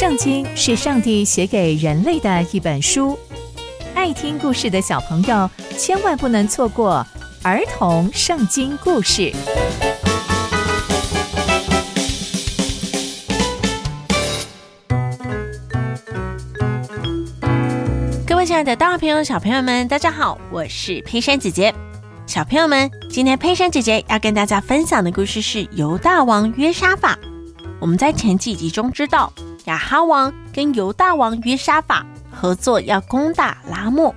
聖經是上帝寫給人類的一本書，愛聽故事的小朋友千萬不能錯過兒童聖經故事。各位親愛的大朋友、小朋友們，大家好，我是佩珊姐姐。小朋友們，今天佩珊姐姐要跟大家分享的故事是猶大王約沙法。我們在前幾集中知道。亞哈王跟猶大王約沙法合作要攻打拉末。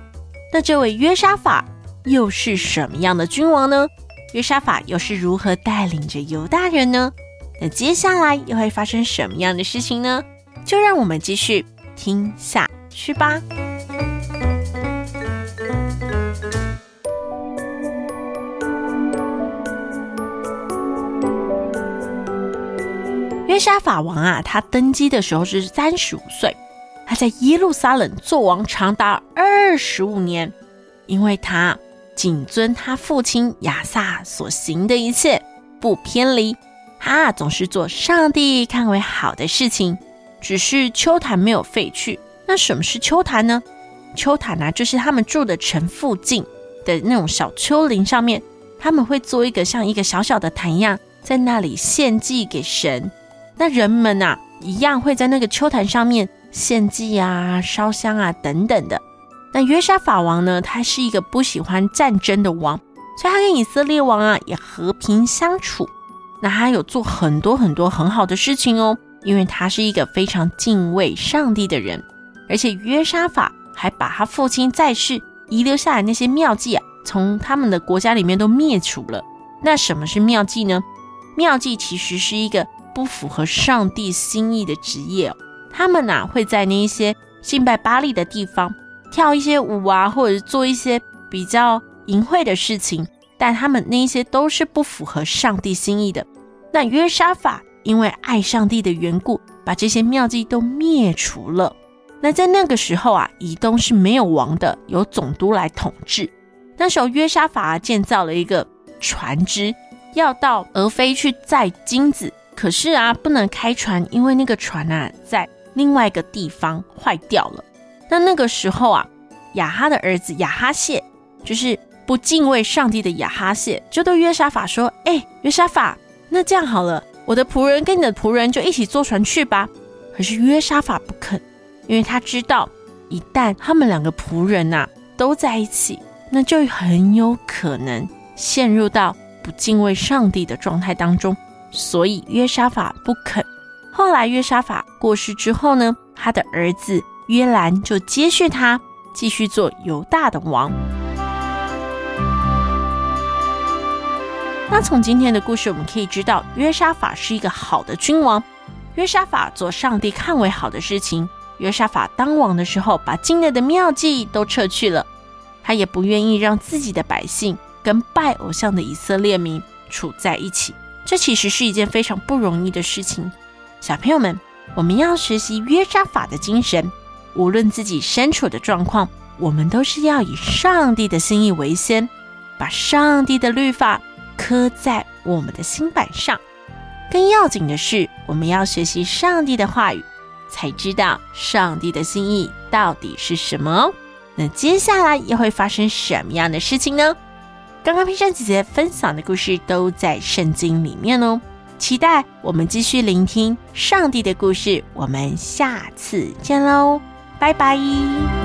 那這位約沙法又是什麼樣的君王呢？約沙法又是如何帶領着猶大人呢？那接下來又會發生什麼樣的事情呢？就讓我們繼續聽下去吧！沙法王啊，他登基的時候是三十五歲，他在耶路撒冷做王長達二十五年，因為他謹遵他父親亞撒所行的一切，不偏離，他總是做上帝看為好的事情。只是丘壇沒有廢去。那什麼是丘壇呢？丘壇呢、啊，就是他們住的城附近的那種小丘陵上面，他們會做一個像一個小小的壇一樣，在那裡獻祭給神。那人們吶、啊，一樣會在那個丘壇上面獻祭啊、燒香啊等等的。那約沙法王呢，他是一個不喜歡戰爭的王，所以他跟以色列王啊也和平相處。那他有做很多很多很好的事情哦，因為他是一個非常敬畏上帝的人。而且約沙法還把他父親在世遺留下來那些廟妓啊，從他們的國家裡面都滅除了。那什麼是廟妓呢？廟妓其實是一個。不符合上帝心意的職業、哦，他們吶、啊、會在那一些信拜巴力的地方跳一些舞啊，或者做一些比較淫穢的事情，但他們那一些都是不符合上帝心意的。那約沙法因為愛上帝的緣故，把這些廟妓都滅除了。那在那個時候啊，以東是沒有王的，由總督來統治。那時候約沙法、啊、建造了一個船隻，要到俄斐去載金子。可是啊，不能開船，因為那個船啊，在另外一個地方壞掉了。那那個時候啊，亞哈的兒子亞哈謝，就是不敬畏上帝的亞哈謝，就對約沙法說：“哎、欸，約沙法，那這樣好了，我的僕人跟你的僕人就一起坐船去吧。”可是約沙法不肯，因為他知道，一旦他們兩個僕人吶、啊、都在一起，那就很有可能陷入到不敬畏上帝的狀態當中。所以約沙法不肯。後來約沙法過世之後呢，他的兒子約蘭就接續他，繼續做猶大的王。那從今天的故事，我們可以知道約沙法是一個好的君王。約沙法做上帝看為好的事情。約沙法當王的時候，把境內的廟祭都撤去了，他也不願意讓自己的百姓跟拜偶像的以色列民處在一起。這其實是一件非常不容易的事情，小朋友們，我們要學習約沙法的精神。無論自己身處的狀況，我們都是要以上帝的心意為先，把上帝的律法刻在我們的心版上。更要緊的是，我們要學習上帝的話語，才知道上帝的心意到底是什麼哦。那接下來又會發生什麼樣的事情呢？剛剛佩珊姐姐分享的故事都在聖經裡面哦，期待我們繼續聆聽上帝的故事，我們下次見嘍，拜拜。